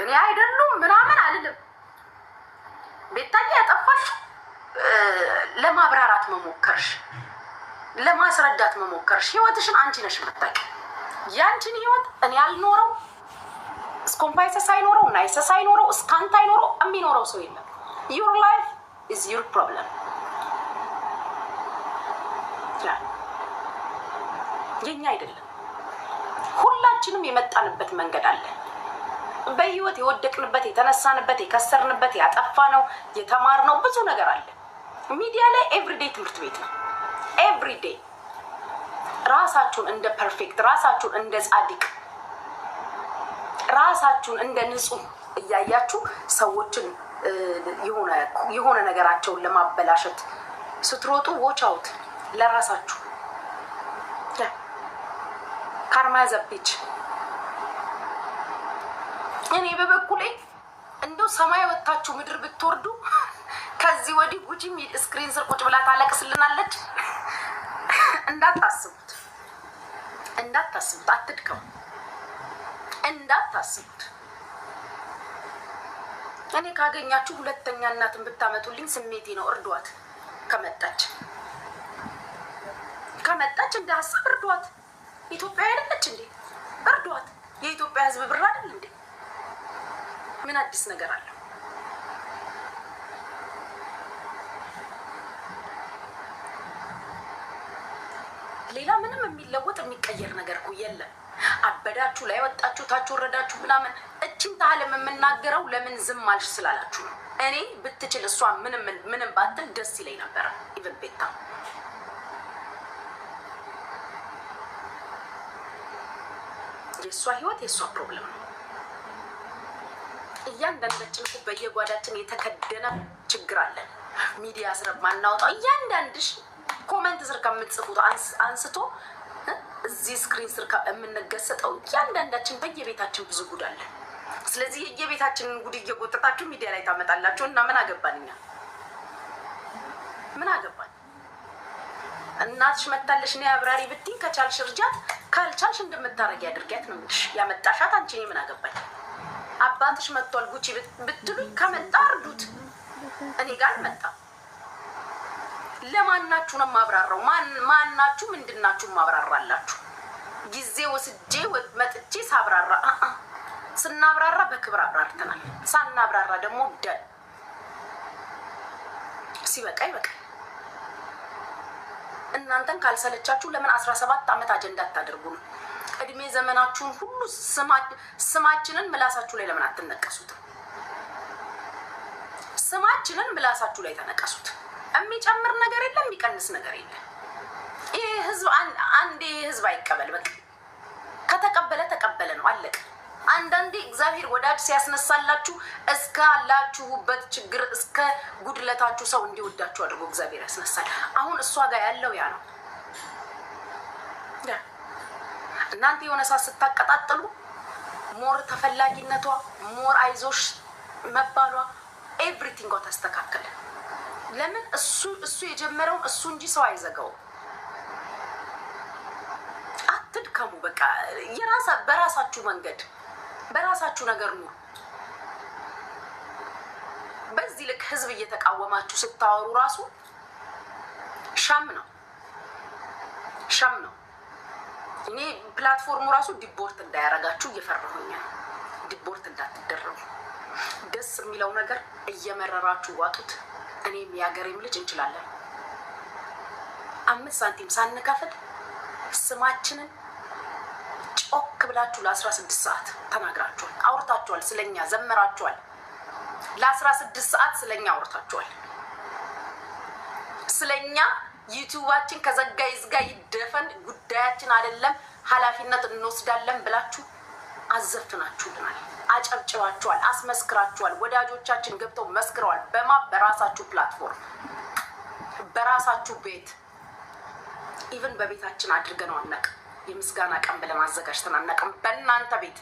እኔ አይደሉም ምናምን አልልም። ቤታዬ ያጠፋሽ ለማብራራት መሞከርሽ፣ ለማስረዳት መሞከርሽ፣ ህይወትሽን አንቺ ነሽ መጠቅ ያንቺን ህይወት እኔ አልኖረው ስኮምፓይሰስ አይኖረው ናይሰስ አይኖረው እስካንት አይኖረው የሚኖረው ሰው የለም። ዩር ላይፍ ኢዝ ዩር ፕሮብለም። የኛ አይደለም። ሁላችንም የመጣንበት መንገድ አለ። በህይወት የወደቅንበት የተነሳንበት የከሰርንበት ያጠፋ ነው የተማርነው ብዙ ነገር አለ። ሚዲያ ላይ ኤቭሪዴ ትምህርት ቤት ነው። ኤቭሪዴ ራሳችሁን እንደ ፐርፌክት፣ ራሳችሁን እንደ ጻድቅ፣ ራሳችሁን እንደ ንጹህ እያያችሁ ሰዎችን የሆነ ነገራቸውን ለማበላሸት ስትሮጡ ዎቻውት ለራሳችሁ ካርማ ዘቤች እኔ በበኩሌ እንደው ሰማይ ወጥታችሁ ምድር ብትወርዱ ከዚህ ወዲህ ጉጂም ስክሪን ስር ቁጭ ብላ ታለቅስልናለች። እንዳታስቡት እንዳታስቡት፣ አትድከሙ፣ እንዳታስቡት። እኔ ካገኛችሁ ሁለተኛ እናትን ብታመጡልኝ ስሜቴ ነው። እርዷት፣ ከመጣች ከመጣች እንደ ሀሳብ እርዷት። ኢትዮጵያ አይደለች እንዴ? እርዷት። የኢትዮጵያ ሕዝብ ብር አይደል ምን አዲስ ነገር አለው? ሌላ ምንም የሚለወጥ የሚቀየር ነገር እኮ የለም። አበዳችሁ፣ ላይ ወጣችሁ፣ ታች ወረዳችሁ ምናምን እችን ታህል የምናገረው ለምን ዝም አልሽ ስላላችሁ ነው። እኔ ብትችል እሷ ምንም ምንም ባትል ደስ ይለኝ ነበረ። ኢቨን ቤታ የእሷ ህይወት የእሷ ፕሮብለም ነው። እያንዳንዳችን እኮ በየጓዳችን የተከደነ ችግር አለን። ሚዲያ ስር ማናወጣው እያንዳንድሽ ኮመንት ስር ከምትጽፉት አንስቶ እዚህ ስክሪን ስር የምንገሰጠው እያንዳንዳችን በየቤታችን ብዙ ጉድ አለን። ስለዚህ የየቤታችንን ጉድ እየጎጠጣችሁ ሚዲያ ላይ ታመጣላችሁ እና ምን አገባን እኛ ምን አገባን? እናትሽ መታለሽ እኔ አብራሪ ብትኝ ከቻልሽ እርጃት፣ ካልቻልሽ እንደምታረጊ አድርጊያት ነው የምልሽ። ያመጣሻት አንቺ ምን አገባኝ? አባትሽ መጥቷል ጉቺ ብትሉኝ ከመጣ እርዱት። እኔ ጋር መጣ። ለማናችሁ ነው የማብራራው። ማናችሁ ምንድናችሁ ማብራራላችሁ? ጊዜ ወስጄ መጥቼ ሳብራራ ስናብራራ በክብር አብራርተናል። ሳናብራራ ደግሞ ደን ሲበቃ ይበቃል። እናንተን ካልሰለቻችሁ ለምን አስራ ሰባት ዓመት አጀንዳ አታደርጉ ነው? እድሜ ዘመናችሁን ሁሉ ስማችንን ምላሳችሁ ላይ ለምን አትነቀሱት? ስማችንን ምላሳችሁ ላይ ተነቀሱት። የሚጨምር ነገር የለም፣ የሚቀንስ ነገር የለም። ይህ ህዝብ አንዴ ህዝብ አይቀበል። በቃ ከተቀበለ ተቀበለ ነው፣ አለቀ። አንዳንዴ እግዚአብሔር ወዳጅ ሲያስነሳላችሁ እስካላችሁበት ችግር እስከ ጉድለታችሁ ሰው እንዲወዳችሁ አድርጎ እግዚአብሔር ያስነሳል። አሁን እሷ ጋር ያለው ያ ነው። እናንተ የሆነ ሰዓት ስታቀጣጥሉ ሞር ተፈላጊነቷ ሞር አይዞሽ መባሏ ኤቭሪቲንግ ተስተካከለ። ለምን እሱ እሱ የጀመረውን እሱ እንጂ ሰው አይዘጋውም። አትድከሙ። በቃ የራሳ በራሳችሁ መንገድ በራሳችሁ ነገር ኑ። በዚህ ልክ ህዝብ እየተቃወማችሁ ስታወሩ ራሱ ሻም ነው ሻም ነው። እኔ ፕላትፎርሙ ራሱ ዲቦርት እንዳያረጋችሁ እየፈራሁኛል። ዲቦርት እንዳትደረጉ። ደስ የሚለው ነገር እየመረራችሁ ዋጡት። እኔም የሀገሬም ልጅ እንችላለን። አምስት ሳንቲም ሳንከፍል ስማችንን ጮክ ብላችሁ ለአስራ ስድስት ሰዓት ተናግራችኋል፣ አውርታችኋል፣ ስለኛ ዘመራችኋል። ለአስራ ስድስት ሰዓት ስለኛ አውርታችኋል፣ ስለኛ ዩቲዩባችን ከዘጋ ይዝጋ ይደፈን፣ ጉዳያችን አይደለም፣ ኃላፊነት እንወስዳለን ብላችሁ አዘፍናችሁልናል፣ አጨብጭባችኋል፣ አስመስክራችኋል። ወዳጆቻችን ገብተው መስክረዋል። በማ በራሳችሁ ፕላትፎርም በራሳችሁ ቤት ኢቨን በቤታችን አድርገነው አናውቅም። የምስጋና ቀን ብለን አዘጋጅተን አናውቅም። በእናንተ ቤት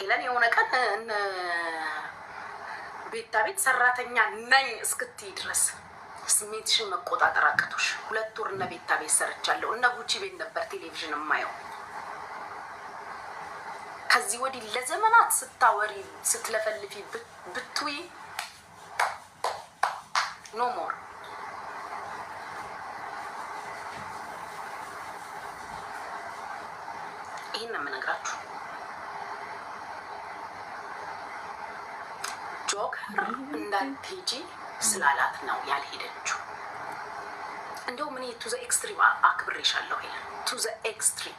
ሄለን የሆነ ቀን ቤታ ቤት ሰራተኛ ነኝ እስክትይ ድረስ ስሜትሽን መቆጣጠር አቅቶሽ ሁለት ወር እነ ቤታ ቤት ሰርቻለሁ። እነ ጉቺ ቤት ነበር ቴሌቪዥን የማየው። ከዚህ ወዲህ ለዘመናት ስታወሪ ስትለፈልፊ ብትይ ኖ ሞር ይህን ነው የምነግራችሁ። ጆከር እንዳትሄጂ ስላላት ነው ያልሄደችው። እንደውም እኔ ቱ ዘ ኤክስትሪም አክብሬሻለሁ። ቱ ዘ ኤክስትሪም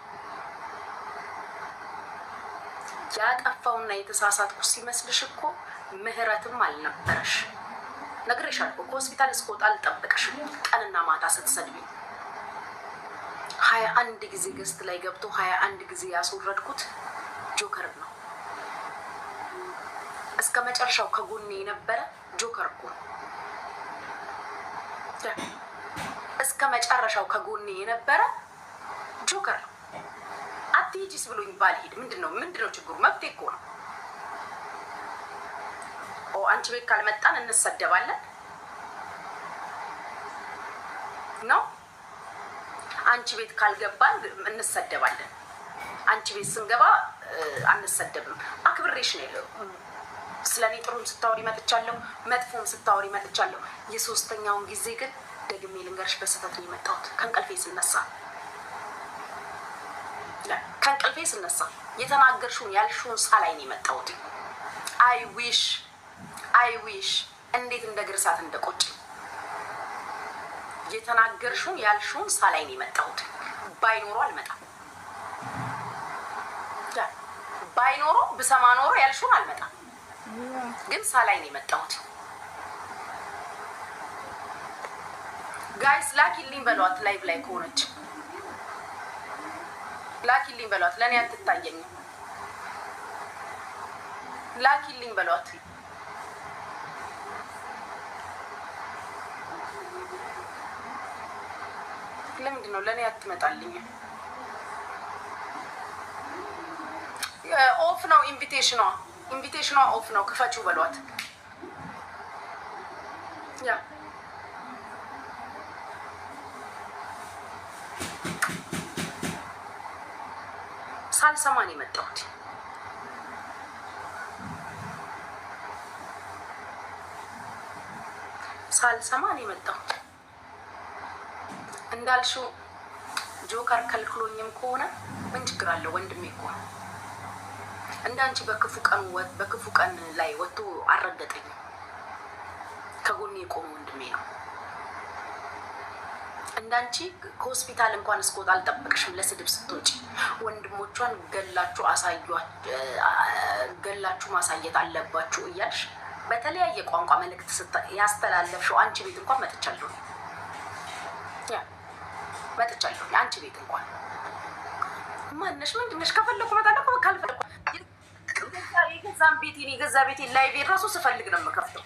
ያጠፋውና የተሳሳትኩ ሲመስልሽ እኮ ምህረትም አልነበረሽ። ነግሬሻለሁ። ከሆስፒታል እስከወጣ አልጠበቅሽ ቀንና ማታ ስትሰድቢ ሀያ አንድ ጊዜ ገስት ላይ ገብቶ ሀያ አንድ ጊዜ ያስወረድኩት ጆከር ነው። እስከ መጨረሻው ከጎኔ የነበረ ጆከር እኮ ነው። እስከ መጨረሻው ከጎኔ የነበረ ጆከር ነው። አትሄጂስ ብሎኝ ባልሄድ ምንድን ነው ምንድን ነው ችግሩ? መብቴ እኮ ነው። አንቺ ቤት ካልመጣን እንሰደባለን ነው። አንቺ ቤት ካልገባን እንሰደባለን። አንቺ ቤት ስንገባ አንሰደብም። አክብሬሽ ነው ስለ እኔ ጥሩም ስታወሪ መጥቻለሁ፣ መጥፎም ስታወሪ መጥቻለሁ። የሶስተኛውን ጊዜ ግን ደግሜ ልንገርሽ በስህተት ነው የመጣሁት። ከእንቅልፌ ስነሳ ከእንቅልፌ ስነሳ የተናገርሽውን ያልሽውን ሳላይ ነው የመጣሁት። አይ ዊሽ አይ ዊሽ እንዴት እንደ ግርሳት እንደቆጭ የተናገርሽውን ያልሽውን ሳላይ ነው የመጣሁት። ባይኖሮ አልመጣም ባይኖሮ ብሰማ ኖሮ ያልሽውን አልመጣም። ግን ሳላይ ነው የመጣሁት። ጋይስ ላኪልኝ በሏት። ላይቭ ላይ ከሆነች ላኪልኝ በሏት። ለእኔ አትታየኝም። ላኪልኝ በሏት። ለምንድን ነው ለእኔ አትመጣልኝም? ኦፍ ነው ኢንቪቴሽኗ። ኢንቪቴሽኗ ኦፍ ነው፣ ክፈችው በሏት። ያ ሳልሰማን የመጣሁት ሳልሰማን የመጣሁት እንዳልሽው ጆከር ከልክሎኝም ከሆነ ምን ችግር አለው? ወንድሜ እኮ ነው። እንዳንቺ በክፉ ቀን በክፉ ቀን ላይ ወጥቶ አልረገጠኝም። ከጎኔ የቆመ ወንድሜ ነው። እንዳንቺ ከሆስፒታል እንኳን እስኮት አልጠበቅሽም። ለስድብ ስትወጪ ወንድሞቿን ገላችሁ ገላችሁ ማሳየት አለባችሁ እያልሽ በተለያየ ቋንቋ መልእክት ያስተላለፍሽው አንቺ ቤት እንኳን መጥቻለሁ መጥቻለሁ አንቺ ቤት እንኳን ማነሽ ምንድነሽ? ከፈለኩ መጣለሁ ካልፈለኩ የገዛን ቤቴን የገዛ ቤቴን ላይ ቤት ራሱ ስፈልግ ነው የምከፍተው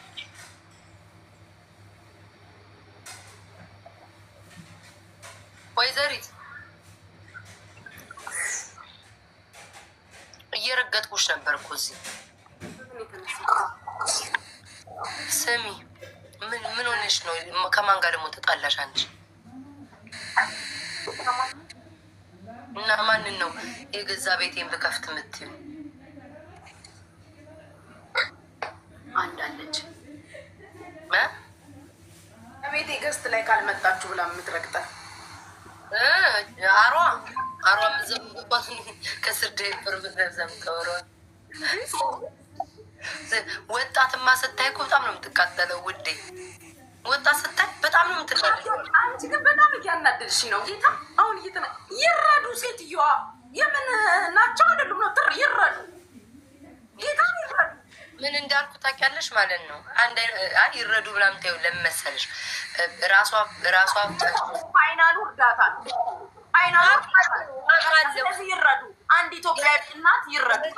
ወጣትማ ስታይ እኮ በጣም ነው የምትቃጠለው ውዴ። ወጣት ስታይ በጣም ነው የምትቃጠለው። አንቺ ግን በጣም እያናደድሽ ነው ጌታ። አሁን እየተነ ይረዱ ሴትዮዋ የምን ናቸው አይደሉም ነው ትር ይረዱ ጌታ ይረዱ ምን እንዳልኩ ታውቂያለሽ ማለት ነው። አንድ አይ ይረዱ ብላምታ ለምን መሰለሽ ራሷ ራሷ ፋይናሉ እርዳታ ነው ፋይናሉ ይረዱ አንድ ኢትዮጵያዊ እናት ይረዳል።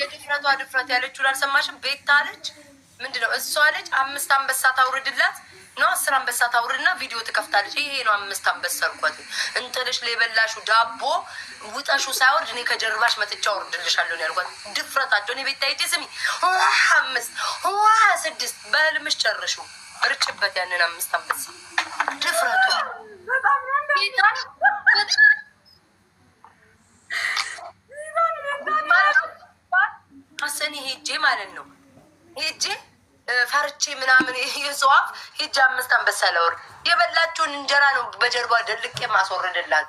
የድፍረቷ ድፍረት ያለችውን አልሰማሽም? ቤታ አለች ምንድን ነው እሷ አለች አምስት አንበሳ ታውርድላት ነው አስር አንበሳ ታውርድና ቪዲዮ ትከፍታለች። ይሄ ነው አምስት አንበሳ አልኳት። እንትንሽ የበላሹ ዳቦ ውጠሹ ሳይወርድ እኔ ከጀርባሽ መጥቻ ወርድልሻለሁ ያልኳት ድፍረታቸው። እኔ ቤታ ሄጄ ስሚ አምስት ዋ ስድስት በህልምሽ ጨርሹ እርጭበት ያንን አምስት አንበሳ ድፍረቷ ማለት ነው ሄጄ ፈርቼ ምናምን የጽዋፍ ሄጄ አምስት አንበሳ ለወር የበላችሁን እንጀራ ነው በጀርባ ደልቄ ማስወረድላት።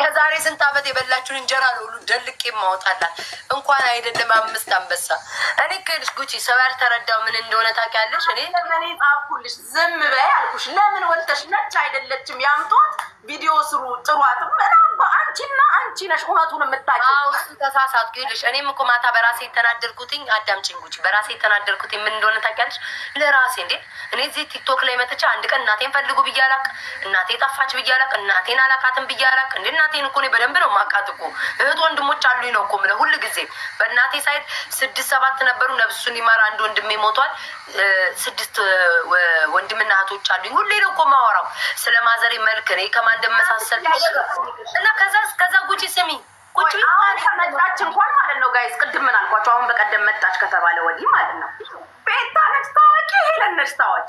ከዛሬ ስንት ዓመት የበላችሁን እንጀራ ነው ሁሉ ደልቄ ማወጣላት። እንኳን አይደለም አምስት አንበሳ። እኔ ክልሽ ጉቺ ሰው ተረዳው ምን እንደሆነ ታውቂያለሽ? እኔ ለምን ጻፍኩልሽ? ዝም በይ አልኩሽ። ለምን ወልተሽ ነች አይደለችም? ያምጧት ቪዲዮ ስሩ ጥሯትም ምናምን አንቺና አንቺ ነሽ እውነቱን የምታውቂው። አዎ እሱ ተሳሳትኩ ይኸውልሽ። እኔም እኮ ማታ በራሴ የተናደድኩትኝ አዳምጪኝ፣ ጉቺ በራሴ የተናደድኩትኝ ምን እንደሆነ ታውቂያለሽ? ለራሴ እንዴ እኔ እዚህ ቲክቶክ ላይ መጥቼ አንድ ቀን እናቴን ፈልጉ ብዬ አላቅ፣ እናቴ ጠፋች ብዬ አላቅ፣ እናቴን አላቃትም ብዬ አላቅ። እንደ እናቴን እኮ እኔ በደንብ ነው የማውቃት እኮ እህት ወንድሞች አሉኝ ነው እኮ የምልህ። ሁል ጊዜ በእናቴ ሳይድ ስድስት ሰባት ነበሩ፣ ነብሱን ይማር አንድ ወንድሜ ሞቷል። ስድስት ወንድምና እህቶች አሉኝ። ሁሌ ነው እኮ የማወራው ስለ ማዘሬ መልክ እኔ ከማን እንደመሳሰል እና ከዛ ጨርስ። ከዛ ጉቺ ስሚ ቁጭ አሁን ከመጣች እንኳን ማለት ነው ጋይስ፣ ቅድም ምን አልኳቸው? አሁን በቀደም መጣች ከተባለ ወዲህ ማለት ነው ቤታ ነች ታዋቂ፣ ሄለን ነች ታዋቂ።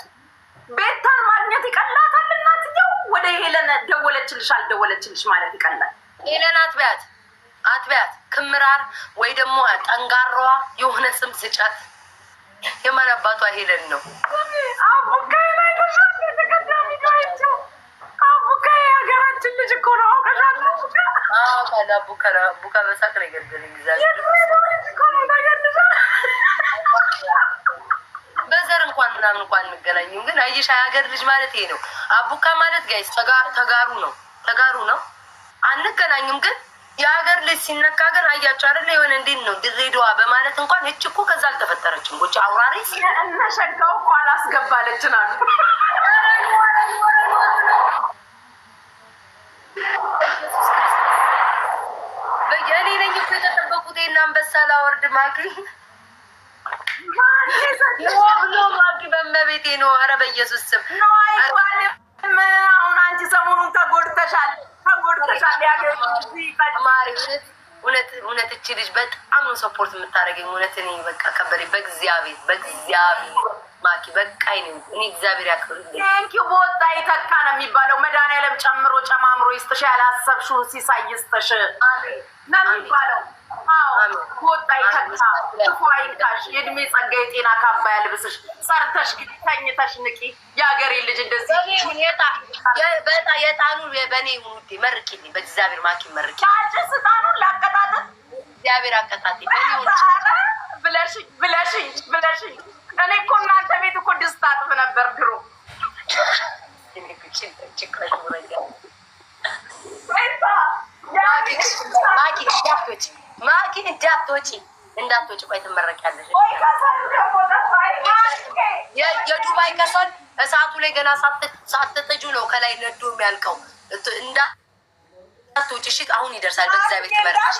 ቤታን ማግኘት ይቀላታል። እናትየው ወደ ሄለን ደወለችልሽ አልደወለችልሽ ማለት ይቀላል። ሄለን አትቢያት አትቢያት ክምራር ወይ ደግሞ ጠንጋሯ የሆነ ስም ስጫት። የማን አባቷ ሄለን ነው? ያችን ልጅ እኮ ነው ከቡካ በሳቅ ነው የገደለኝ። በዘር እንኳን ምናምን እንኳን እንገናኝም፣ ግን አየሽ ሀገር ልጅ ማለት ይሄ ነው። አቡካ ማለት ጋይስ ተጋሩ ነው፣ ተጋሩ ነው። አንገናኝም፣ ግን የሀገር ልጅ ሲነካ ግን አያቸው አይደለ? የሆነ እንዴት ነው ድሬዳዋ በማለት እንኳን እች እኮ ከዛ አልተፈጠረችም። ጎች አውራሪ እና እኮ አላስገባለችን አሉ እኔ ነኝ እኮ የተጠበቁት እና አንበሳ ላወርድ ማኪ ማኪ በመቤቴ ነው። ኧረ በኢየሱስ ስም አሁን አንቺ ሰሞኑን ተጎድተሻል፣ ተጎድተሻል። እውነት እውነት እቺ ልጅ በጣም ነው ሰፖርት የምታደርገኝ። እውነት እኔ በቃ ከበሬ በእግዚአብሔር በእግዚአብሔር ማኪ በቃ እኔ እግዚአብሔር ያክብርልኝ። ቴንኪ በወጣ የተካ ነው የሚባለው። መድኃኒዓለም ጨምሮ ጨማምሮ ይስጥሽ፣ ያላሰብሽውን ሲሳይ ይስጥሽ ነው የሚባለው። ወጣ የተካ ይንካሽ፣ የእድሜ ጸጋ የጤና ካባ ያልብስሽ። ሰርተሽ ግን ተኝተሽ ንቂ። የሀገሬ ልጅ እንደዚህ የጣኑ በእኔ ውዴ መርቂልኝ፣ በእግዚአብሔር ማኪ መርቂ። ጭስ ጣኑን ላቀጣጥል እግዚአብሔር አቀጣጥ ብለሽኝ ብለሽኝ ብለሽኝ እኔ እኮ እናንተ ቤት እኮ ድስት አጥብ ነበር ድሮ። ማኪ እንዳትወጪ እንዳትወጪ፣ ቆይ ትመረቂያለሽ። የዱባይ ከሰል እሳቱ ላይ ገና ሳትጠጁ ነው ከላይ ነዶ የሚያልቀው። እንዳትወጪ እሺ። አሁን ይደርሳል። በእግዚአብሔር ትመረቂያለሽ።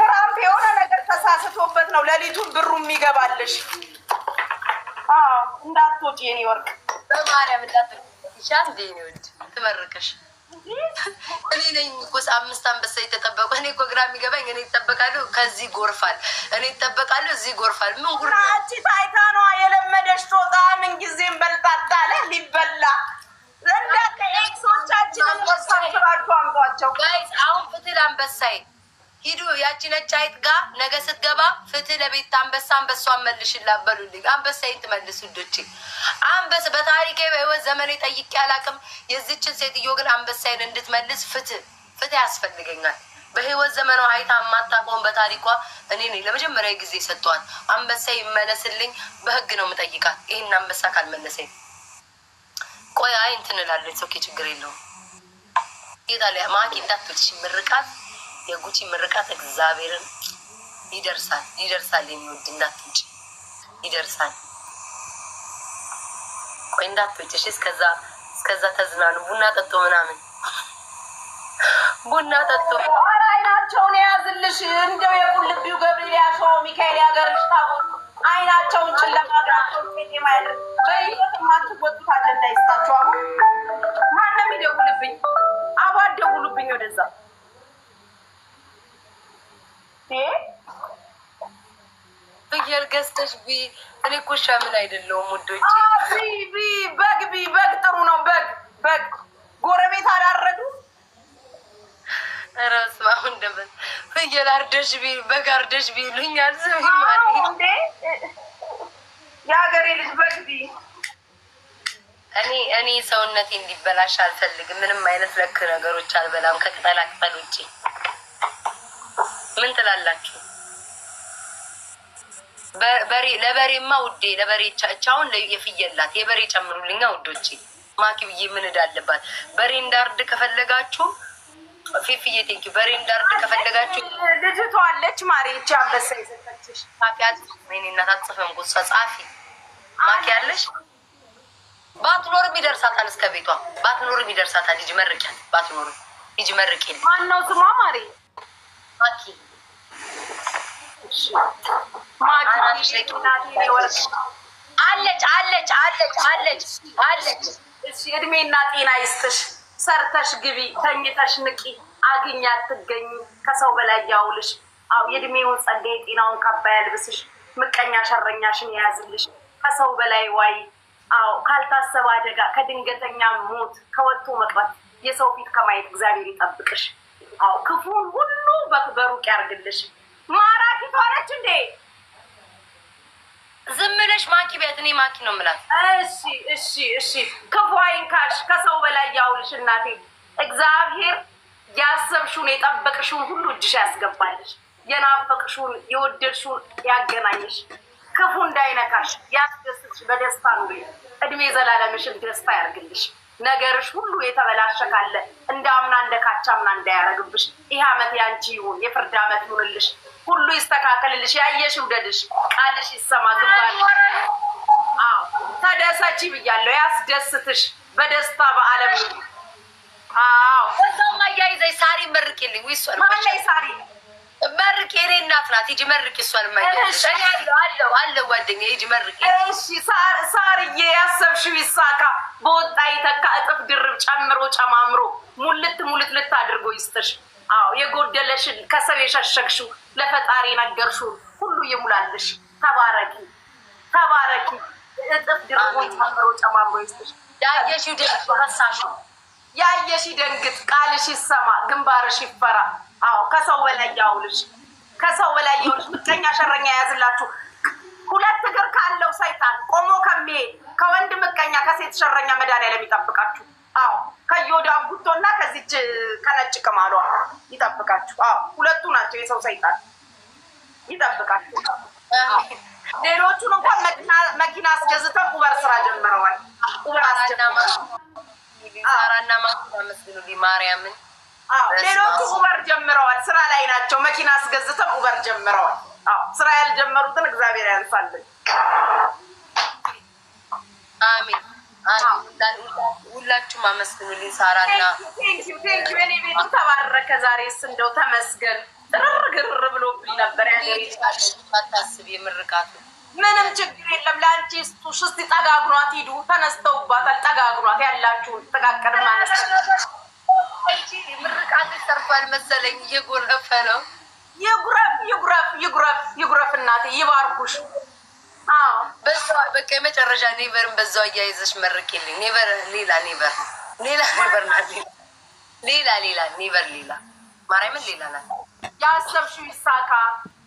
ትራምፕ የሆነ ነገር ተሳስቶበት ነው ሌሊቱን ብሩ የሚገባልሽ። እንዳትወጪ የኔ ወርቅ በማርያም እንዳትሻ እንዴ ወድ ትመርቅሽ እኔ ነኝ እኮ አምስት አንበሳ የተጠበቁ። እኔ እኮ ግራ የሚገባኝ እኔ ይጠበቃለሁ፣ ከዚህ ጎርፋል። እኔ ይጠበቃለሁ፣ እዚህ ጎርፋል። ምን ጉር ቺ ታይታ ነዋ የለመደሽ ጦጣ ምን ጊዜም በልጣጣለ ሊበላ ዘንዳ ከኤክሶቻችንን ሳብስባችሁ አምጧቸው አሁን ፍትል አንበሳይ ሂዱ ያቺ ነጭ አይጥ ጋ ነገ ስትገባ ፍትህ ለቤት አንበሳ አንበሷ መልሽላት በሉልኝ። አንበሳ አንበሳይን ትመልሱ ዶቼ አንበስ በታሪኬ በህይወት ዘመኔ ጠይቄ አላቅም። የዚችን ሴትዮ ግን አንበሳይን እንድትመልስ ፍትህ ፍትህ ያስፈልገኛል። በህይወት ዘመኗ አይታ የማታውቀውን በታሪኳ እኔ ነኝ ለመጀመሪያ ጊዜ ሰጥቷት። አንበሳ ይመለስልኝ፣ በህግ ነው የምጠይቃት። ይህን አንበሳ ካልመለሰኝ ቆይ አይ እንትንላለች። ኦኬ ችግር የለውም። ጌታ ማኪ እንዳትልሽ ምርቃት የጉቺ ምርቃት እግዚአብሔርን ይደርሳል፣ ይደርሳል። የሚወድ እንዳትውጭ ይደርሳል። ቆይ እንዳትውጭ እሺ። እስከዛ እስከዛ ተዝናኑ፣ ቡና ጠጡ ምናምን፣ ቡና ጠጡ። አይናቸውን የያዝልሽ እንደው የቁልቢው ገብርኤል ያሸዋው ሚካኤል ያገርሽ ታቦት አይናቸውን ጭለማ እግራቸውን ማ በህይወት የማትወጡት አጀንዳ ይስጣችኋል። ማንም ይደውልብኝ፣ አቧ ደውሉብኝ ወደዛ ፍየል ገዝተሽ ቢ እኔ እኮ ሻምን አይደለሁም። ውዶች ቢ በግ ቢ በግ ጥሩ ነው። በግ በግ ጎረቤት አላረዱ ራስ አሁን ደበት ፍየል አርደሽ ቢ በግ አርደሽ ቢ ይሉኛል። እንዴ የሀገሬ ልጅ በግ ቢ እኔ እኔ ሰውነቴ እንዲበላሽ አልፈልግም። ምንም አይነት ለክ ነገሮች አልበላም ከቅጠላ ቅጠል ውጭ ምን ትላላችሁ? ለበሬማ ውዴ ለበሬ ቻቻውን የፍየላት የበሬ ጨምሩልኛ ውዶቼ። ማኪ ብዬ ምን እዳ አለባት? በሬ እንዳርድ ከፈለጋችሁ ፊፍዬ ቴንኪ በሬ እንዳርድ ከፈለጋችሁ ልጅቷ አለች ማሪ ይቺ አንበሳ ይዘፈችሽ ፊያት ናት። አትጽፈም ጉሳ ጻፊ ማኪ አለሽ ባትኖርም ይደርሳታል። እስከ ቤቷ ባትኖርም ይደርሳታል። ልጅ መርቂያት ባትኖርም ልጅ መርቅ የለ ማነው ስሟ ማሪ አለች አለች አለች አለች አለች። እሺ እድሜና ጤና ይስጥሽ። ሰርተሽ ግቢ፣ ተኝተሽ ንቂ። አግኝ አትገኝ፣ ከሰው በላይ ያውልሽ። አዎ የእድሜውን ጸጋ የጤናውን ካባ ያልብስሽ። ምቀኛ ሸረኛሽን የያዝልሽ። ከሰው በላይ ዋይ። አዎ ካልታሰበ አደጋ፣ ከድንገተኛ ሞት፣ ከወጥቶ መቅረት፣ የሰው ፊት ከማየት እግዚአብሔር ይጠብቅሽ። አዎ ክፉን ሁሉ በሩቅ ያርግልሽ። ማራኪ ሆነች እንዴ! ዝምለሽ ማኪ ቤት እኔ ማኪ ነው ምላት። እሺ እሺ እሺ። ክፉ አይን ከሰው በላይ ያውልሽ እናቴ። እግዚአብሔር ያሰብሽውን የጠበቅሽውን ሁሉ እጅሽ ያስገባልሽ፣ የናፈቅሽውን የወደድሽውን ያገናኝሽ፣ ክፉ እንዳይነካሽ ያስደስትሽ፣ በደስታ ነው እድሜ ዘላለምሽን ደስታ ያርግልሽ። ነገርሽ ሁሉ የተበላሸ ካለ እንደ አምና እንደ ካቻ አምና እንዳያረግብሽ። ይህ አመት ያንቺ ይሁን፣ የፍርድ አመት ይሁንልሽ፣ ሁሉ ይስተካከልልሽ፣ ያየሽ ውደድሽ፣ ቃልሽ ይሰማ፣ ግባል ተደሰቺ ብያለሁ። ያስደስትሽ በደስታ በአለም አዎ። በዛውም ሳሪ መርቂልኝ ይሷል ማለይ ሳሪ መርቅ የኔ እናት ናት። ሂጂ መርቅ እሷን አለው አለው ጓደኛዬ ሂጂ መርቅ። እሺ ሳርዬ ያሰብሽው ይሳካ። በወጣ የተካ እጥፍ ድርብ ጨምሮ ጨማምሮ ሙልት ሙልት ልታድርጎ አድርጎ ይስጥሽ። አዎ የጎደለሽን ከሰው የሸሸግሽው ለፈጣሪ ነገርሽው ሁሉ ይሙላልሽ። ተባረኪ ተባረኪ። እጥፍ ድርቦ ጨምሮ ጨማምሮ ይስጥሽ። ያየሽ ደሳሽ ያየሽ ደንግጥ፣ ቃልሽ ይሰማ፣ ግንባርሽ ይፈራ። አዎ ከሰው በላይ ያውልሽ፣ ከሰው በላይ ያውልሽ። ምቀኛ ሸረኛ የያዝላችሁ ሁለት እግር ካለው ሰይጣን ቆሞ ከሚሄድ ከወንድ ምቀኛ ከሴት ሸረኛ መድኃኒዓለም ይጠብቃችሁ። አዎ ከዮዳ ጉቶና ከዚች ከነጭ ቅማሏ ይጠብቃችሁ። አዎ ሁለቱ ናቸው የሰው ሰይጣን ይጠብቃችሁ። ሌሎቹን እንኳን መኪና አስገዝተው ኡበር ስራ ጀምረዋል። ኡበር አስጀምራና ማመስግኑ ማርያምን። ሌሎቹ ኡበር ጀምረዋል፣ ስራ ላይ ናቸው። መኪና አስገዝተው ኡበር ጀምረዋል። ስራ ያልጀመሩትን እግዚአብሔር ያልፋልን። አሜን። ሁላችሁም አመስግኑልኝ። ሳራና እኔ ቤቱ ተባረከ። ዛሬስ እንደው ተመስገን። ጥርር ግርር ብሎብኝ ነበር። ያታስብ የምርቃቱ ምንም ችግር የለም። ለአንቺ ስጡሽ። እስቲ ጠጋግሯት ሂዱ። ተነስተውባታል። ጠጋግኗት ያላችሁ ጠቃቀድ ማለት ምርቃቱ ይሰርፋል መሰለኝ እየጎረፈ ነው ይጉረፍ ይጉረፍ ይጉረፍ ይጉረፍ። እናቴ ይባርኩሽ። በዛ በቃ የመጨረሻ ኔቨርን በዛው እያይዘሽ መርቂልኝ። ኔቨር ሌላ ኔቨር ሌላ ኔቨር ናት። ሌላ ሌላ ኔቨር ሌላ ማርያምን ሌላ ናት። ያሰብሽው ይሳካ፣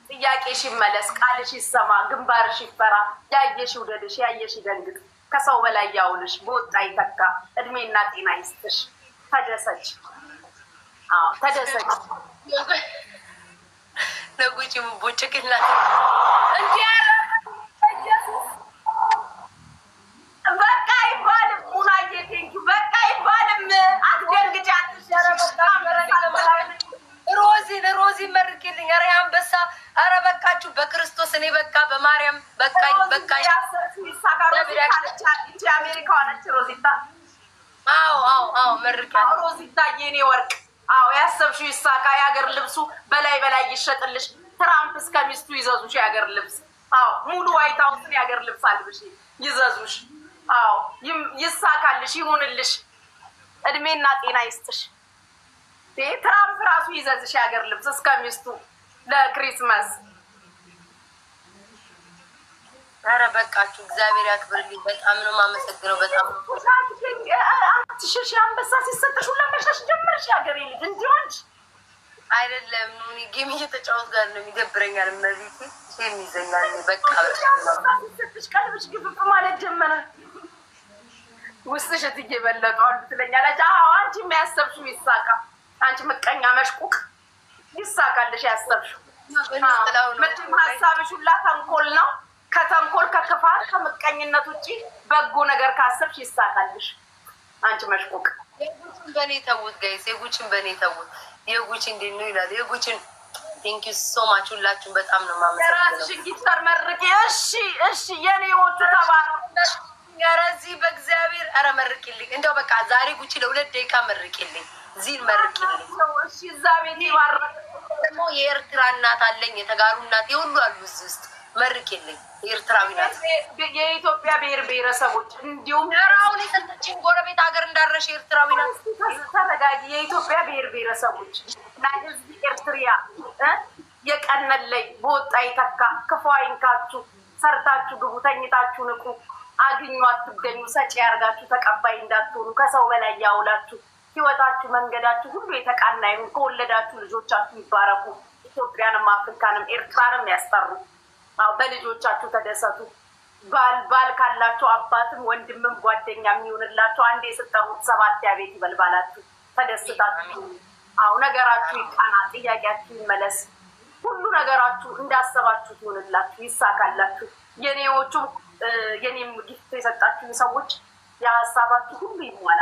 ጥያቄሽ ይመለስ፣ ቃልሽ ይሰማ፣ ግንባርሽ ይፈራ፣ ያየሽ ውደድሽ፣ ያየሽ ይደንግጥ፣ ከሰው በላይ ያውልሽ፣ በወጣ ይተካ፣ እድሜና ጤና ይስጥሽ። ተደሰች ተደሰች ነጉጭ ቦጭቅላት በቃ ይባልም ሙላዬ ቴንኪ በቃ ይባልም አትደንግጫት። ሮዚን ሮዚን መርቂልኝ። ኧረ አንበሳ ኧረ በቃችሁ በክርስቶስ እኔ በቃ በማርያም በቃኝ በቃኝ። አዎ አዎ አዎ መርቂያት ሮዚታ የኔ ወርቅ አዎ ያሰብሽው ይሳካ። የሀገር ልብሱ በላይ በላይ ይሸጥልሽ። ትራምፕ እስከ ሚስቱ ይዘዙሽ የሀገር ልብስ። አዎ ሙሉ ዋይት ሀውስን የሀገር ልብስ አልብሽ ይዘዙሽ። አዎ ይሳካልሽ፣ ይሁንልሽ፣ እድሜና ጤና ይስጥሽ። ትራምፕ ራሱ ይዘዝሽ የሀገር ልብስ እስከ ሚስቱ ለክሪስማስ ኧረ በቃችሁ፣ እግዚአብሔር ያክብርልኝ። በጣም ነው የማመሰግነው። በጣም አትሸሽ። አንበሳ ሲሰጠሽ ሁላ መሸሽ ጀመርሽ። ያገሬ ልጅ እንዲሆንሽ አይደለም። እኔ ጌም እየተጫወት ጋር ነው ይደብረኛል። መቤቴ የሚዘኛል። በቃ ሲሰጥሽ ቀልብሽ ግብብ ማለት ጀመረ። ውስጥሽ እትዬ በለጠ አሉ ትለኛለች። አንቺ የሚያሰብሽው ይሳካ። አንቺ ምቀኛ መሽቁቅ ይሳካልሽ። ያሰብሽው መቼም ሀሳብሽ ሁላ ተንኮል ነው። ከተንኮል ከክፋት ከምቀኝነት ውጭ በጎ ነገር ካሰብሽ ይሳካልሽ። አንቺ መሽቁቅ የጉችን በእኔ ተዉት፣ ጋይስ የጉችን በእኔ ተዉት። የጉች እንዴት ነው ይላል። የጉችን ቴንክ ዩ ሶ ማች ሁላችሁን በጣም ነው ማመሰግነው። ራስሽን ጊፍተር መርቄ። እሺ እሺ፣ የኔ ወጡ ተባረ ረዚ በእግዚአብሔር ረ መርቅልኝ። እንደው በቃ ዛሬ ጉቺ ለሁለት ደቂቃ መርቅልኝ፣ ዚን መርቅልኝ። እዛ ቤት ደግሞ የኤርትራ እናት አለኝ የተጋሩ እናት የሁሉ አሉ እዚህ ውስጥ መርቅ የለኝ ኤርትራዊ ናት። የኢትዮጵያ ብሔር ብሔረሰቦች እንዲሁም ራሁን የሰጠችን ጎረቤት ሀገር እንዳረሽ ኤርትራዊ ናት። ተረጋጊ። የኢትዮጵያ ብሔር ብሔረሰቦች እና ህዝብ ኤርትሪያ የቀነለይ በወጣ ይተካ ክፉ አይንካችሁ። ሰርታችሁ ግቡ፣ ተኝታችሁ ንቁ። አግኙ አትገኙ፣ ሰጪ ያርጋችሁ፣ ተቀባይ እንዳትሆኑ፣ ከሰው በላይ ያውላችሁ። ህይወታችሁ መንገዳችሁ ሁሉ የተቃና ይሁን። ከወለዳችሁ ልጆቻችሁ ይባረኩ። ኢትዮጵያንም አፍሪካንም ኤርትራንም ያስጠሩ። በልጆቻችሁ ተደሰቱ። ባል ባል ካላችሁ አባትም ወንድምም ጓደኛ የሚሆንላችሁ አንዴ የሰጠሩት ሰባት ያቤት ይበልባላችሁ ባላችሁ ተደስታችሁ። አሁ ነገራችሁ ይቃና፣ ጥያቄያችሁ ይመለስ፣ ሁሉ ነገራችሁ እንዳሰባችሁ ይሆንላችሁ፣ ይሳካላችሁ። የኔዎቹ የኔም ጊፍት የሰጣችሁ ሰዎች የሀሳባችሁ ሁሉ ይሟላ።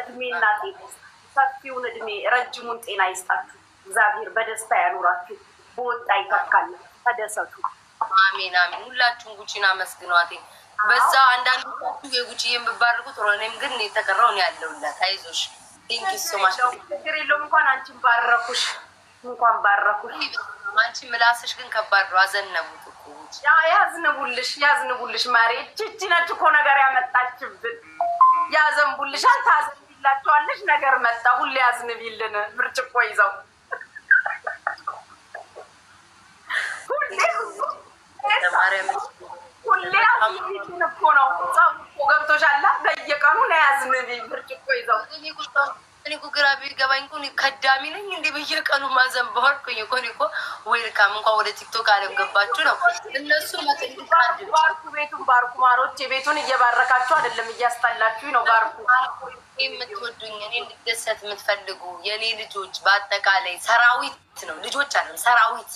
እድሜና ጤና ሰፊውን እድሜ ረጅሙን ጤና ይስጣችሁ። እግዚአብሔር በደስታ ያኖራችሁ፣ በወጣ ይተካል። ተደሰቱ። አሜን አሜን። ሁላችሁም ጉቺን አመስግኗት። በዛ አንዳንዱ የጉቺ የምባርጉት ሮኔም ግን የተቀረው ነው ያለውላት። አይዞሽ ችግር የለውም። እንኳን አንቺን ባረኩሽ፣ እንኳን ባረኩሽ። አንቺ ምላስሽ ግን ከባድ ነው። አዘነቡት ያዝንቡልሽ ማሬ። ችቺ ነች እኮ ነገር ያመጣችብን። ያዘንቡልሻል፣ ታዘንቢላቸዋለሽ። ነገር መጣ፣ ሁሌ ያዝንቢልን። ብርጭቆ ይዘው ሁሌ ከዳሚ ነኝ በየቀኑ ማዘን እኮ እኔ እኮ ዌልካም እንኳን ወደ ቲክቶክ አለም ገባችሁ ነው። እነሱ ባርኩ፣ ቤቱን ባርኩ፣ ማሮች ቤቱን እየባረካችሁ አይደለም እያስጠላችሁ ነው። ባርኩ የምትወዱኝ እኔ እንድደሰት የምትፈልጉ የእኔ ልጆች በአጠቃላይ ሰራዊት ነው ልጆች አለም ሰራዊት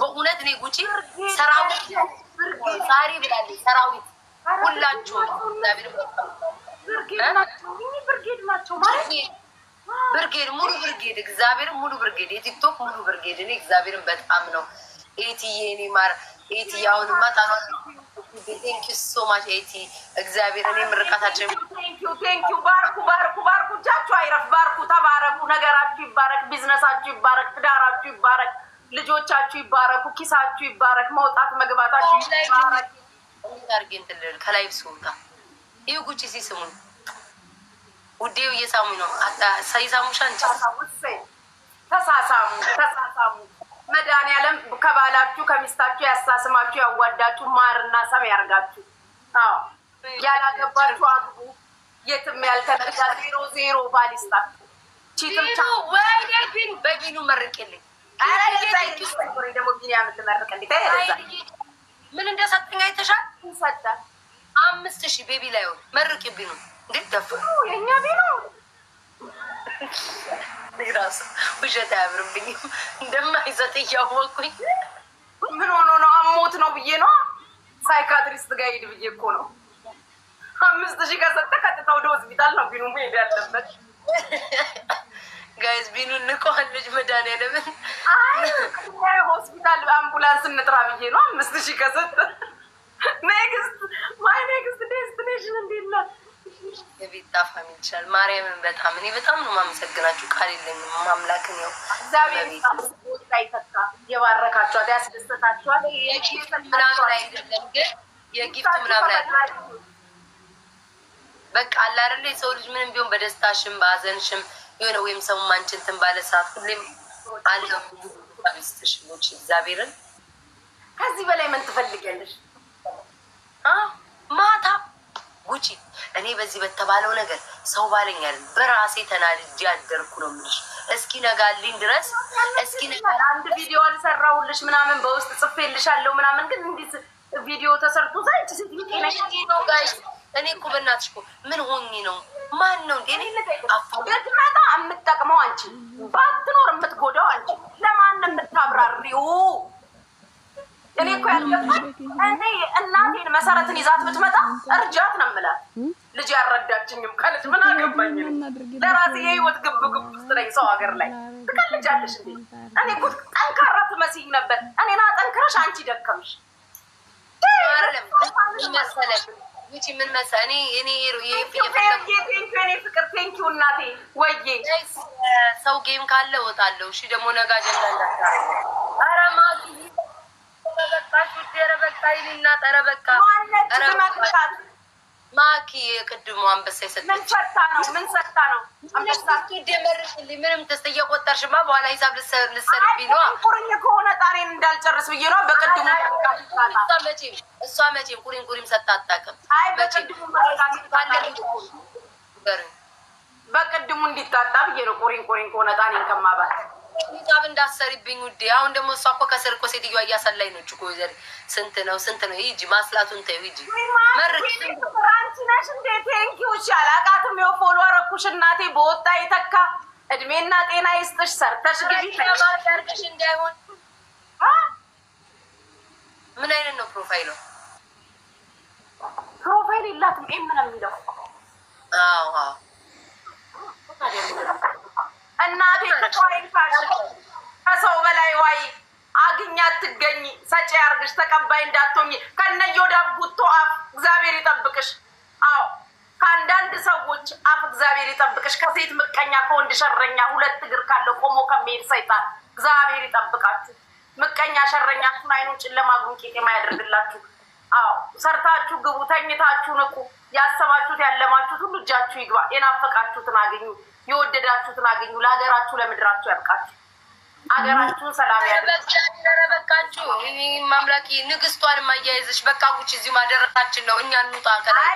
በእውነት እኔ ጉጪ ሰራዊት ዛሬ ብላለች። ሰራዊት ሁላችሁ ብርጌድ ናቸው ማለት ብርጌድ ሙሉ ብርጌድ እግዚአብሔር ሙሉ ብርጌድ የቲክቶክ ሙሉ ብርጌድ እኔ እግዚአብሔርን በጣም ነው ኤቲዬ እኔ ማር ኤቲ አሁን ማታ ቴንኪ ሶ ማች ኤቲ እግዚአብሔር እኔ ምርቃታችን ቴንኪ ባርኩ ባርኩ ባርኩ እጃችሁ አይረፍ ባርኩ ተባረኩ ነገራችሁ ይባረክ ቢዝነሳችሁ ይባረክ ትዳራችሁ ይባረክ ልጆቻችሁ ይባረኩ፣ ኪሳችሁ ይባረክ፣ መውጣት መግባታችሁ ይባረክ። ከላይ ስወጣ ይህ ጉጭ ሲ ሲስሙ ውዴው እየሳሙ ነው። ሳይሳሙሻ ተሳሳሙ ተሳሳሙ። መድኃኒዓለም ከባላችሁ ከሚስታችሁ ያሳስማችሁ፣ ያዋዳችሁ፣ ማርና ሰም ያርጋችሁ። ያላገባችሁ አግቡ። የትም ያልተነጋ ዜሮ ዜሮ ባል ይስጣችሁ። ወይ ወይደልፊን በቢኑ መርቅልኝ ምን እንደሰጠኝ አይተሻል? ይሰጣል አምስት ሺህ ቤቢ ላይ ሆን መርቅ ቢኑ እንዴት ደፍ የኛ ቢኑ ራሱ ውሸት አያምርብኝም። እንደማይሰጥ እያወቅኩኝ ምን ሆኖ ነው? አሞት ነው ብዬ ነው ሳይካትሪስት ጋር ሂድ ብዬ እኮ ነው። አምስት ሺህ ከሰጠ ቀጥታ ወደ ሆስፒታል ነው ቢኑ መሄድ ያለበት። ጋይዝ ቢኑ ንቆን ልጅ መዳን ያለምን አይ ሆስፒታል አምቡላንስ እንጥራ ብዬ ነው። አምስት ሺ ከሰጠ ኔክስት ማይ ኔክስት ዴስቲኔሽን እንዲለ የቤታ ፋሚል ይችላል። ማርያምን በጣም እኔ በጣም ነው ማመሰግናችሁ። ቃል የለኝም። ማምላክን ያው እግዚአብሔር ያስደሰታቸዋል። የጊፍት ምናምን አይደለም ግን የጊፍት ምናምን አይደለም በቃ አላርለ የሰው ልጅ ምንም ቢሆን በደስታሽም በአዘንሽም የሆነ ወይም ሰው ማንችን እንትን ባለ ሰዓት ሁሌም አለው ሚስትሽሞች እግዚአብሔርን ከዚህ በላይ ምን ትፈልጊያለሽ? ማታ ጉቺ እኔ በዚህ በተባለው ነገር ሰው ባለኛል በራሴ ተናድጄ አደርኩ ነው የምልሽ። እስኪ ነጋልኝ ድረስ እስኪ አንድ ቪዲዮ አልሰራሁልሽ ምናምን በውስጥ ጽፌልሻለሁ ምናምን ግን እንዲህ ቪዲዮ ተሰርቶ ዛ ነው ጋይ እኔ እኮ በእናትሽ እኮ ምን ሆኜ ነው? ማን ነው እንዴ? ግትመጣ የምትጠቅመው አንቺ፣ ባትኖር የምትጎዳው አንቺ፣ ለማን የምታብራሪው? እኔ እኮ ያለፋል እኔ እናቴን መሰረትን ይዛት ብትመጣ እርጃት ነው የምላት። ልጅ ያረዳችኝም ከልጅ ምን አገባኝ? ለራሴ የህይወት ግብ ግብ ውስጥ ነኝ። ሰው ሀገር ላይ ትቀልጃለሽ እንዴ? እኔ እኮ ጠንካራ ትመስይኝ ነበር። እኔና ጠንክረሽ አንቺ ደከምሽ መሰለሽ ይቺ ምን መሰለህ እኔ እኔ ፍቅር ቴንኪው እናቴ። ወዬ ሰው ጌም ካለ እወጣለሁ። እሺ ደግሞ ነጋ አጀንዳ እንዳታ አረማ ረበቃ ረበቃ ይልና ጠረበቃ ማኪ የቅድሙ አንበሳ የሰጠችው ምን ፈታ ነው? ምን ፈታ ነው? አንበሳኪ ምንም ተስ እየቆጠርሽማ በኋላ ሂሳብ ልሰርብኝ ነዋ። ቁሪኝ ከሆነ ጣሬን እንዳልጨርስ ብዬ ነዋ። በቅድሙ መቼም እሷ መቼም ቁሪም ቁሪም ሰጥታ አታውቅም። አይ በቅድሙ በቅድሙ እንዲታጣ ብዬ ነው። ቁሪን ቁሪን ከሆነ ጣሬን ከማባት ሂጃብ እንዳሰሪብኝ ውዴ። አሁን ደግሞ እሷ እኮ ከስር እኮ ሴትዮዋ እያሰላኝ ነች እኮ ዘር ስንት ነው ስንት ነው? ሂጂ ማስላቱን ተይው ሂጂ። መርራንቺ ነሽ እንዴ? ቴንኪው እሺ። አላቃትም የው ፎሎ አረኩሽ እናቴ። በወጣ የተካ እድሜና ጤና ይስጥሽ። ሰርተሽ ግቢ ያርቅሽ እንዳይሆን። ምን አይነት ነው ፕሮፋይሉ? ፕሮፋይል የላትም ኤም ነው የሚለው። አዎ አዎ እናቴ ከሰው በላይ ዋይ አግኛ ትገኝ ሰጪ አርግሽ ተቀባይ እንዳትሆኝ ከነየወዳ ጉቶ አፍ እግዚአብሔር ይጠብቅሽ። አዎ ከአንዳንድ ሰዎች አፍ እግዚአብሔር ይጠብቅሽ። ከሴት ምቀኛ፣ ከወንድ ሸረኛ፣ ሁለት እግር ካለው ቆሞ ከሚሄድ ሰይጣን እግዚአብሔር ይጠብቃችሁ። ምቀኛ ሸረኛ አይኑን ጨለማ ጉንቄጤማ ያደርግላችሁ። አዎ ሰርታችሁ ግቡ፣ ተኝታችሁ ንቁ። ያሰባችሁት ያለማችሁት ሁሉ እጃችሁ ይግባ። የናፈቃችሁትን አገኙ፣ የወደዳችሁትን አገኙ። ለሀገራችሁ ለምድራችሁ ያብቃችሁ። አገራችሁን ሰላም ያደረበቃችሁ ማምላኪ ንግስቷን ማያይዘች በቃ ጉች እዚሁ ማደረሳችን ነው። እኛ እንውጣ ከላይ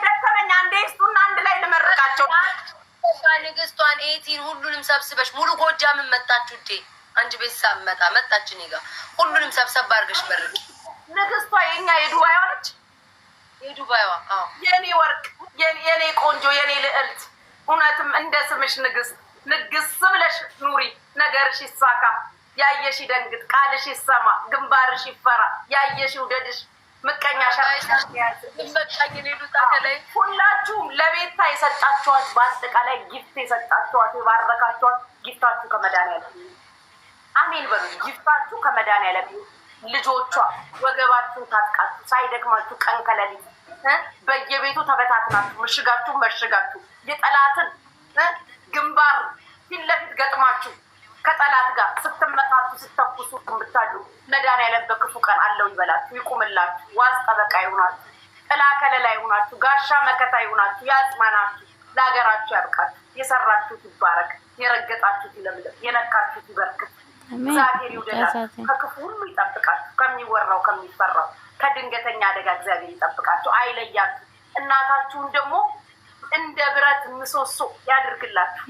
የደከመኝ አንዴ ስቱና አንድ ላይ ልመርቃቸው ንግስቷን ኤቲን ሁሉንም ሰብስበሽ ሙሉ ጎጃምን መጣችሁ ዴ አንቺ ቤተሰብ መጣ መጣችን ይጋ ሁሉንም ሰብሰብ አድርገሽ መርቂ ነገስቷ የኛ የዱባይዋ ነች። የዱባይዋ የኔ ወርቅ፣ የኔ ቆንጆ፣ የኔ ልዕልት፣ እውነትም እንደ ስምሽ ንግስት ንግስ ብለሽ ኑሪ። ነገርሽ ይሳካ፣ ያየሽ ይደንግጥ፣ ቃልሽ ይሰማ፣ ግንባርሽ ይፈራ፣ ያየሽ ይውደድሽ። ምቀኛ ሁላችሁም ለቤታ የሰጣችኋት በአጠቃላይ ጊፍት የሰጣችኋት የባረካችኋት ጊፍታችሁ ከመድኃኒዓለም አሜን በሉ። ጊፍታችሁ ከመድኃኒዓለም ልጆቿ ወገባችሁ ታጥቃችሁ ሳይደግማችሁ ቀን ከሌሊት በየቤቱ ተበታትናችሁ ምሽጋችሁ መሽጋችሁ የጠላትን ግንባር ፊት ለፊት ገጥማችሁ ከጠላት ጋር ስትመታቱ ስተኩሱ ብታድሩ መድኃኒዓለም በክፉ ቀን አለው ይበላችሁ፣ ይቁምላችሁ፣ ዋዝ ጠበቃ ይሆናችሁ፣ ጥላ ከለላ ይሆናችሁ፣ ጋሻ መከታ ይሆናችሁ፣ ያጽናናችሁ፣ ለሀገራችሁ ያብቃችሁ። የሰራችሁት ይባረክ፣ የረገጣችሁት ይለምለም፣ የነካችሁት ይበርክት። እግዚአብሔር ይውደዳል፣ ከክፉ ሁሉ ይጠብቃችሁ፣ ከሚወራው ከሚፈራው ከድንገተኛ አደጋ እግዚአብሔር ይጠብቃችሁ፣ አይለያችሁ። እናታችሁን ደግሞ እንደ ብረት ምሰሶ ያድርግላችሁ።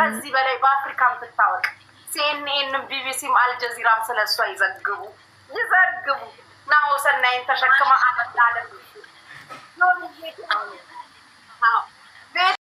ከዚህ በላይ በአፍሪካም ትታወቅ። ሲኤንኤንም ቢቢሲም አልጀዚራም ስለ እሷ ይዘግቡ ይዘግቡ። ናሆሰናይን ተሸክማ አለም